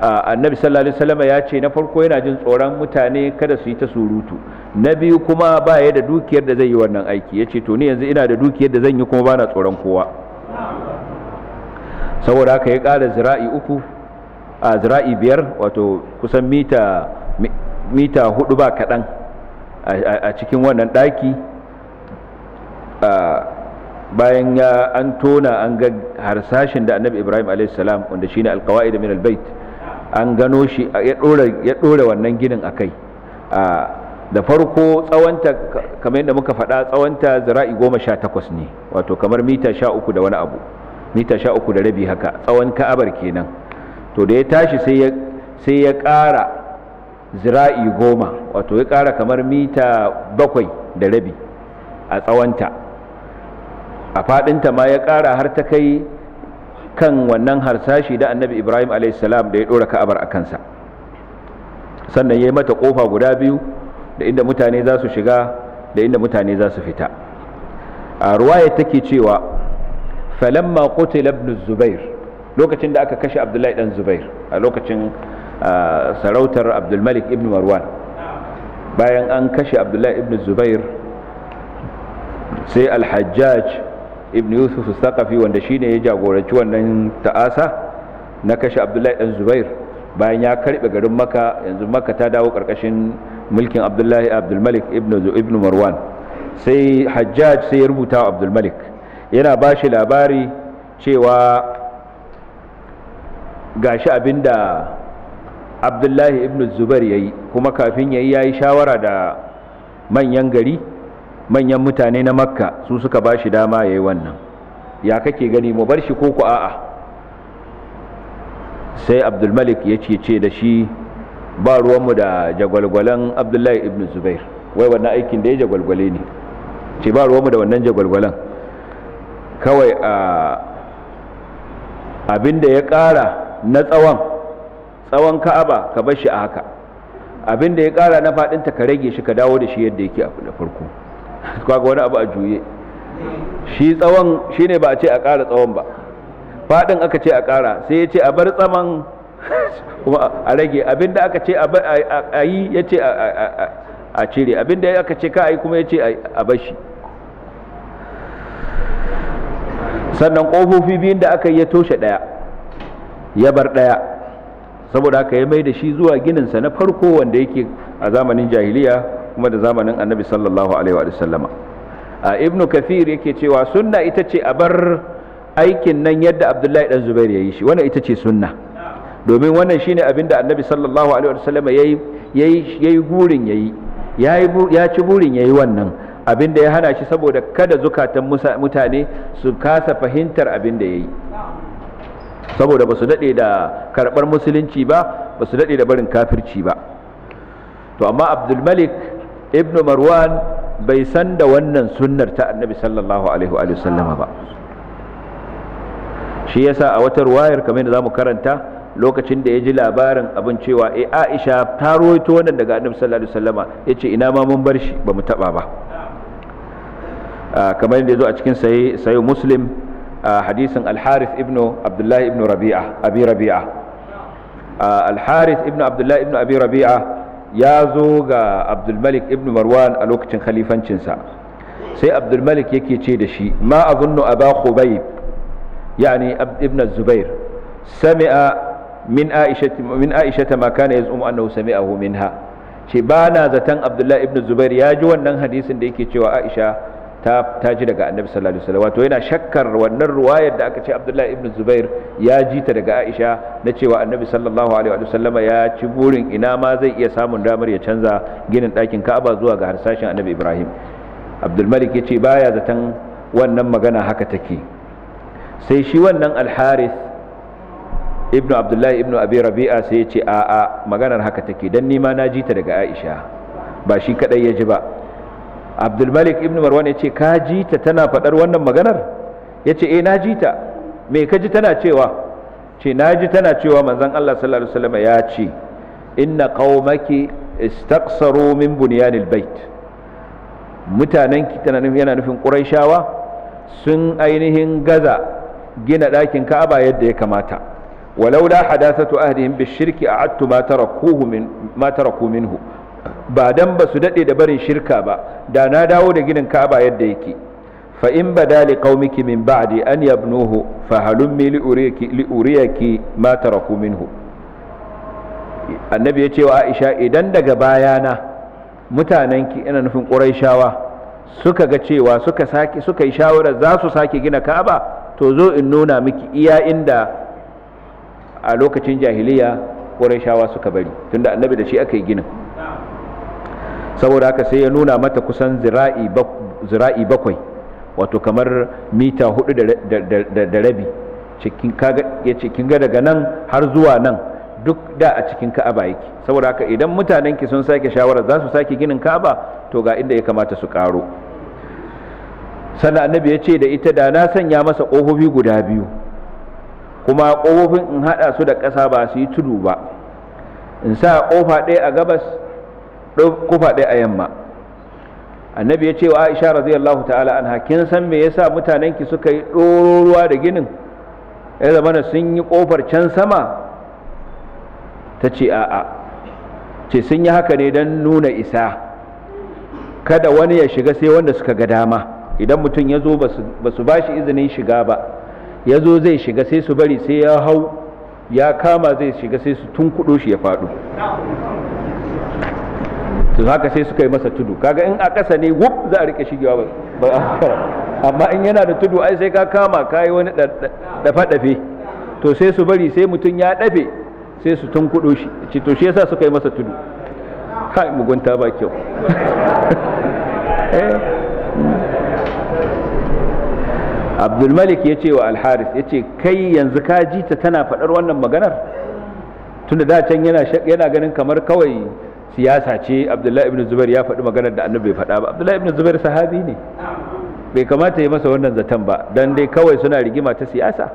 annabi sallallahu alaihi wasallam ya ce na farko yana jin tsoron mutane kada su yi ta surutu na biyu kuma ba ya da dukiyar da zai yi wannan aiki ya ce to ni yanzu ina da dukiyar da zan yi kuma bana tsoron kowa saboda haka ya kara zira'i uku a zira'i biyar wato kusan mita mita hudu ba kaɗan a cikin wannan ɗaki bayan ya an tona an ga harsashin da annabi ibrahim salam wanda shine alkawa'id min albayt an gano shi ya ɗora wannan ginin a kai da farko tsawonta kamar yadda muka faɗa tsawonta zira'i goma sha takwas ne wato kamar mita sha uku da wani abu mita sha uku da rabi haka tsawon ka'abar kenan to da ya tashi sai ya ƙara zira'i goma wato ya ƙara kamar mita bakwai da rabi a tsawonta a faɗinta ma ya ƙara har ta kai kan wannan harsashi da annabi ibrahim salam da ya ɗora ka'abar a kansa sannan ya yi mata kofa guda biyu da inda mutane za su shiga da inda mutane za su fita a ruwaya take cewa falamma qutil ibn zubair lokacin da aka kashe abdullahi dan zubair a lokacin sarautar abdulmalik ibn marwan bayan an kashe abdullahi ibn zubair sai alhajjaj ibn yusuf sakafi wanda shine ya jagoranci wannan ta'asa na kashe abdullahi dan zubair bayan ya karbe garin maka yanzu maka ta dawo karkashin mulkin abdullahi abdulmalik ibn marwan sai hajjaj sai ya rubuta wa abdulmalik yana ba shi labari cewa ga gashi abinda abdullahi ibn zubair ya yi kuma kafin ya yi ya yi shawara da manyan gari manyan mutane na makka su suka ba shi dama ya yi wannan ya kake gani mu bar shi ko ku a'a sai abdulmalik ya ce da shi ba ruwanmu da jagwalgwalan abdullahi ibn zubair wai wannan aikin da ya jagwalgwale ne ce ba ruwanmu da wannan jagwalgwalan kawai abin da ya kara na tsawon tsawon ka'aba ka bar shi a haka abin da ya kara na faɗinta ka rage shi ka dawo da shi yadda yake a farko kaga wani abu a juye shi tsawon shi ne ba a ce a ƙara tsawon ba faɗin aka ce a ƙara sai ya ce a bar tsaman kuma a rage abinda aka ce a yi ya ce a cire abinda aka ce ka a yi kuma ya ce a bashi sannan ƙofofi biyun da aka yi ya toshe ɗaya ya bar ɗaya saboda aka yi mai da shi zuwa gininsa na farko wanda yake a zamanin jahiliya kuma da zamanin annabi sallallahu alaihi wa sallama a ibnu kafir yake cewa sunna ita ce a bar aikin nan yadda abdullahi dan zubair ya yi shi wannan ita ce sunna domin wannan shine abin da annabi sallallahu alaihi wa sallama yayi gurin yayi ya ci burin yayi wannan abin da ya hana shi saboda kada zukatan mutane su kasa fahimtar abin da yayi saboda ba su daɗe da karɓar musulunci ba ba su daɗe da barin kafirci ba to amma abdulmalik ibn marwan bai san da wannan sunnar ta annabi sallallahu alaihi wa sallama ba shi yasa a wata ruwayar kamar da zamu karanta lokacin da ya ji labarin abin cewa eh Aisha ta rawaito wannan daga Annabi sallallahu alaihi Ya yace ina ma mun bar shi mu taba ba kamar yadda zo a cikin sahih sahih Muslim hadisin Al-Harith ibn Abdullah ibn Rabi'a Abi Rabi'a Al-Harith ibn Abdullah ibn Abi Rabi'a ya zo ga abdulmalik ibn marwan a lokacin khalifancinsa sai abdulmalik yake ce da shi ma a azunnu aba ya ne ibn zubair sami a min aisha min makana ya kana yazum sami a minha ce ba na zaton abdullahi ibn zubair ya ji wannan hadisin da yake cewa aisha ta ji daga annabi sallallahu alaihi wasallam wato yana shakkar wannan ruwayar da aka ce abdullahi ibn zubair ya ji ta daga aisha na cewa annabi sallallahu alaihi wasallam ya ci burin ina ma zai iya samun damar ya canza ginin ɗakin ka'aba zuwa ga harsashin annabi ibrahim abdul malik ya ce baya zaton wannan magana haka take sai shi wannan alharis ibnu abdullahi ibnu abi rabi'a sai ya ce a'a maganar haka take dan nima na ji ta daga aisha ba shi kadai ya ji ba abdulmalik ibn marwan ya ce ka ji ta tana faɗar wannan maganar ya ce e na ji ta me ka ji tana cewa ce na ji tana cewa manzon allah sallallahu alaihi wasallam ya ce inna qaumaki istaqsaru min bunyanil bait mutanen ki tana nufin yana nufin quraishawa sun ainihin gaza gina ɗakin ka'aba yadda ya kamata walaula hadathatu ahlihim bishirki a'attu ma tarakuhu min taraku minhu ba dan ba su daɗe da barin shirka ba da na dawo da ginin ka'aba yadda yake fa in bada li qaumiki min ba'di an yabnuhu fa halummi li uriyaki li uriyaki ma taraku minhu annabi ya ce wa aisha idan daga bayana mutananki ina nufin quraishawa suka ga cewa suka saki suka yi shawarar za su sake gina ka'aba to zo in nuna miki iya inda a lokacin jahiliya quraishawa suka bari tunda annabi da shi aka yi ginin saboda haka sai ya nuna mata kusan zira'i bakwai wato kamar mita hudu da rabi ya ga daga nan har zuwa nan duk da a cikin ka'aba yake saboda haka idan mutanenki sun sake shawarar za su sake ginin ka'aba to ga inda ya kamata su karo sannan annabi ya ce da ita da na sanya masa ƙofofi guda biyu kuma ƙofofin in haɗa su da ƙasa ba su yi tudu ba in sa ƙofa ɗaya a gabas kufa ɗaya a yamma annabi ya ce wa aisha radiyallahu ta'ala anha kin san me yasa mutanen ki suka yi ɗoro ruwa da ginin ya na sun yi ƙofar can sama ta ce a'a ce sun yi haka ne don nuna isa kada wani ya shiga sai wanda suka ga dama idan mutum ya zo ba su ba shi izinin shiga ba ya zo zai shiga sai su bari sai ya hau ya kama zai shiga sai su tun kudo shi ya faɗo to haka sai suka yi masa tudu kaga in a ƙasa ne wup za a rike shigewa ba amma in yana da tudu ai sai ka kama ka yi wani dafe-dafe to sai su bari sai mutum ya dafe sai su tun kudo shi to shi yasa suka yi masa tudu kai mugunta ba kyau eh? mm. abdulmalik ya ce wa alharis ya ce kai yanzu ka ji ta tana faɗar wannan maganar tunda da can yana ganin kamar kawai siyasa ce abdullahi ibn zubair ya faɗi maganar da annabi bai faɗa ba abdullahi ibn zubair sahabi ne bai kamata ya masa wannan zaton ba dan dai kawai suna rigima ta siyasa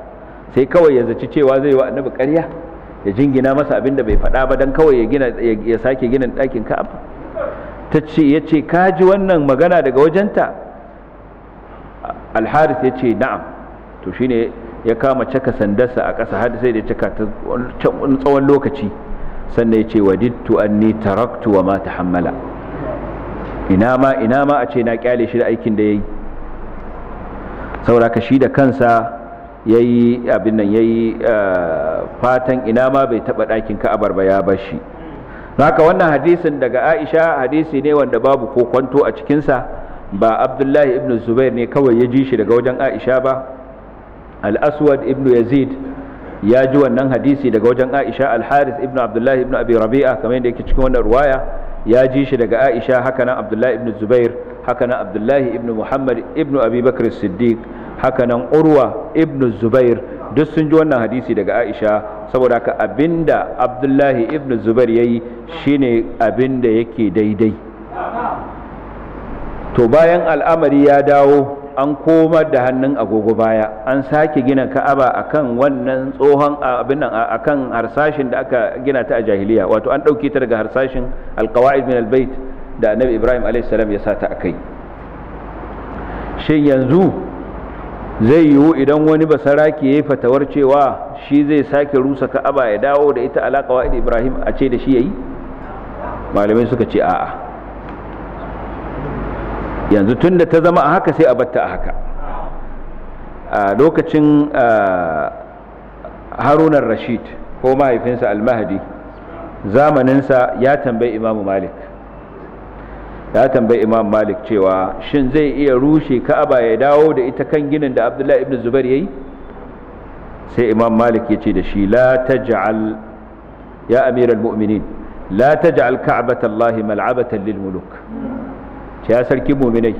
sai kawai ya zaci cewa zai wa annabi ƙarya ya jingina masa abin da bai faɗa ba dan kawai ya gina ya sake ginin ɗakin ka'aba ta ce ya ce ka ji wannan magana daga wajenta alharis ya ce na'am to shine ya kama caka sandarsa a ƙasa har sai da ya caka ta tsawon lokaci sannan ya ce wadittu anni taraktu wa ma tahammala ina ma ina ma a ce na kyale shi da aikin da yayi saboda ka shi da kansa yayi abin nan yayi eh, fatan ina ma bai taba ɗakin ka'abar ba ya bar shi haka wannan hadisin daga Aisha hadisi ne wanda babu ko kwanto a cikinsa ba Abdullahi ibn Zubair ne kawai ya ji shi daga wajen Aisha ba Al-Aswad ibn Yazid ya ji wannan hadisi daga wajen Aisha al-Harith ibn Abdullah ibn Abi Rabi'a kamar yadda yake cikin wannan ruwaya ya ji shi daga Aisha haka nan Abdullah ibn Zubair haka nan Abdullah ibn Muhammad ibn Abi Bakr Siddiq haka nan Urwa ibn Zubair duk sun ji wannan hadisi daga Aisha saboda haka abinda Abdullah ibn Zubair yayi shine abinda yake daidai to bayan al'amari ya dawo an komar da hannun agogo baya an sake gina ka'aba akan wannan tsohon abin nan akan harsashin da aka gina ta a jahiliya wato an ɗauke ta daga harsashin alqawaid min albait da annabi ibrahim alayhi salam ya sata akai shin yanzu zai yiwu idan wani basaraki yayi fatawar cewa shi zai sake rusa ka'aba ya dawo da ita alaƙawa ibrahim a ce da shi yayi malamai suka ce a'a yanzu tun da ta zama a haka sai a batta a haka a lokacin harunan rashid ko mahaifinsa almahadi zamaninsa ya tambayi imamu malik ya tambayi imam malik cewa shin zai iya rushe ka'aba ya dawo da ita kan ginin da abdullahi ibn ya yi sai imam malik ya ce da shi la ja'al ya amiral mu'minin la taj'al ka'batallahi mal'abatan lil muluk ce ya sarki muminai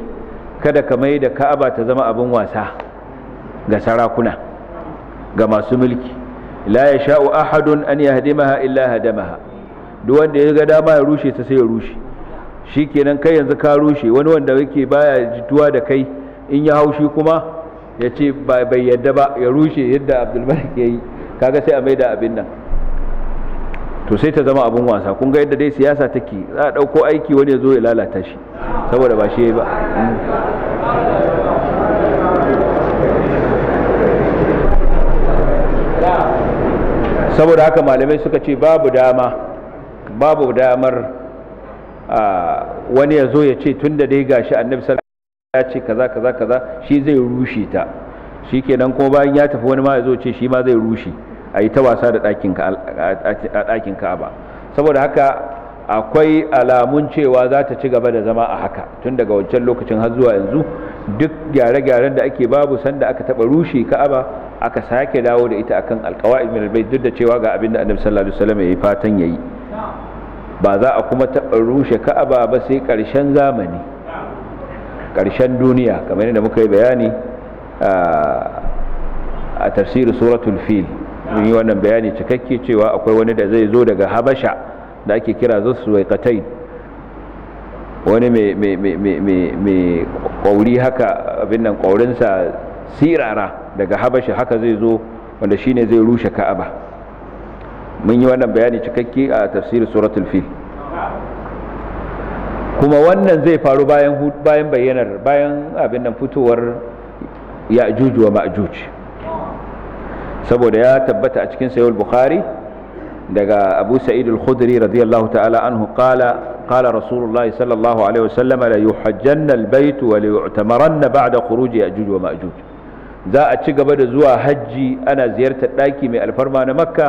kada ka mai da ka'aba ta zama abin wasa ga sarakuna ga masu mulki la ya sha'u ahadun an ya hadimaha illa hadamaha duk wanda ya ga dama ya rushe ta sai ya rushe shi kenan kai yanzu ka rushe wani wanda yake baya jituwa da kai in ya haushi kuma ya ce bai yadda ba ya rushe yadda abdulmalik ya yi kaga sai a mai da abin nan to sai ta zama abin wasa kun ga yadda dai siyasa take za a ɗauko aiki wani ya zo ya lalata shi saboda ba shi ba saboda haka malamai suka ce babu dama babu damar wani ya zo ya ce tun da dai gashi annabi ya ce kaza kaza kaza shi zai rushe ta shi kenan kuma bayan ya tafi wani ma ya zo ce shi ma zai rushe a yi ta wasa da ɗakin ka'aba saboda haka akwai alamun cewa za ta ci gaba da zama a haka tun daga wancan lokacin har zuwa yanzu duk gyare-gyaren da ake babu sanda aka taba rushe ka'aba aka sake dawo da ita akan alqawaid min albayt duk da cewa ga abin da annabi sallallahu alaihi wasallam yayi fatan yayi ba za a kuma taba rushe ka'aba ba sai karshen zamani karshen duniya kamar yadda muka yi bayani a tafsirin suratul fil mun yi wannan bayani cikakke cewa akwai wani da zai zo daga habasha da ake kira zo su waikatai wani mai kwauri haka abin nan kwaurinsa sirara daga habasha haka zai zo wanda shine zai rushe ka'aba mun yi wannan bayani cikakke a tafsirin suratul fil kuma wannan zai faru bayan bayan bayyanar bayan abin nan fitowar ya'juj wa ma'juj saboda ya tabbata a cikin al bukhari daga abu sa'id al-khudri radiyallahu ta'ala anhu qala qala rasulullahi sallallahu alaihi wasallam la yuhajjanna al-bayt wa la yu'tamaranna ba'da khuruji ya'juj wa ma'juj za a ci gaba da zuwa hajji ana ziyartar daki mai alfarma na makka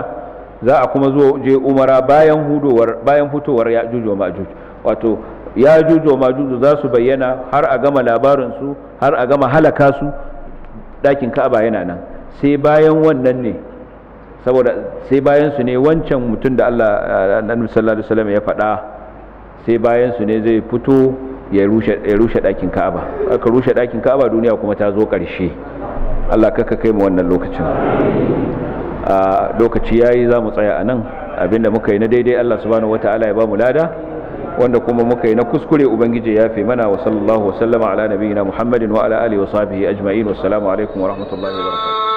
za a kuma zo je umara bayan hudowar bayan fitowar ya'juj wa ma'juj wato ya'juj wa ma'juj za su bayyana har a gama labarin su har a gama halaka su dakin ka'aba yana nan sai bayan wannan ne saboda sai bayan su ne wancan mutum da Allah annabi sallallahu alaihi wasallam ya faɗa sai bayan su ne zai fito ya rushe ya rushe ɗakin Ka'aba aka rushe ɗakin Ka'aba duniya kuma ta zo ƙarshe Allah kaka kai mu wannan lokacin a lokaci yayi za mu tsaya anan, abinda muka yi na daidai Allah subhanahu wataala ya ba mu lada wanda kuma muka yi na kuskure ubangiji ya fi mana wa sallallahu wa sallama ala nabiyina muhammadin wa ala alihi wa sahbihi ajma'in wassalamu alaikum wa rahmatullahi wa barakatuh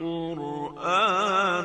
القرآن